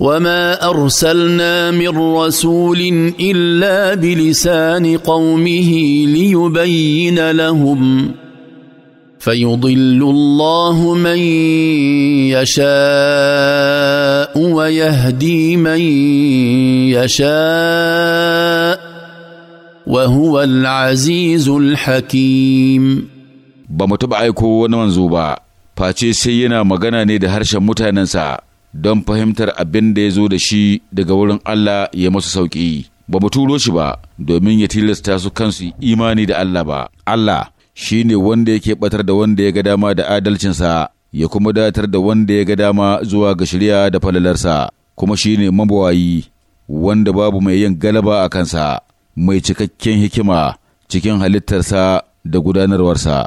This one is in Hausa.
وما ارسلنا من رسول الا بلسان قومه ليبين لهم فيضل الله من يشاء ويهدي من يشاء وهو العزيز الحكيم ba mu taɓa aiko wani manzo ba face sai yana magana ne da harshen mutanensa don fahimtar abin da ya zo da shi daga wurin Allah ya masu sauƙi. Ba mu turo shi ba domin ya tilasta su kansu imani da Allah ba. Allah shi ne wanda yake ɓatar da wanda ya ga dama da adalcinsa ya kuma datar da wanda ya ga dama zuwa ga shirya da falalarsa kuma shi ne mabawayi wanda babu mai yin galaba a kansa mai cikakken hikima cikin halittarsa da gudanarwarsa.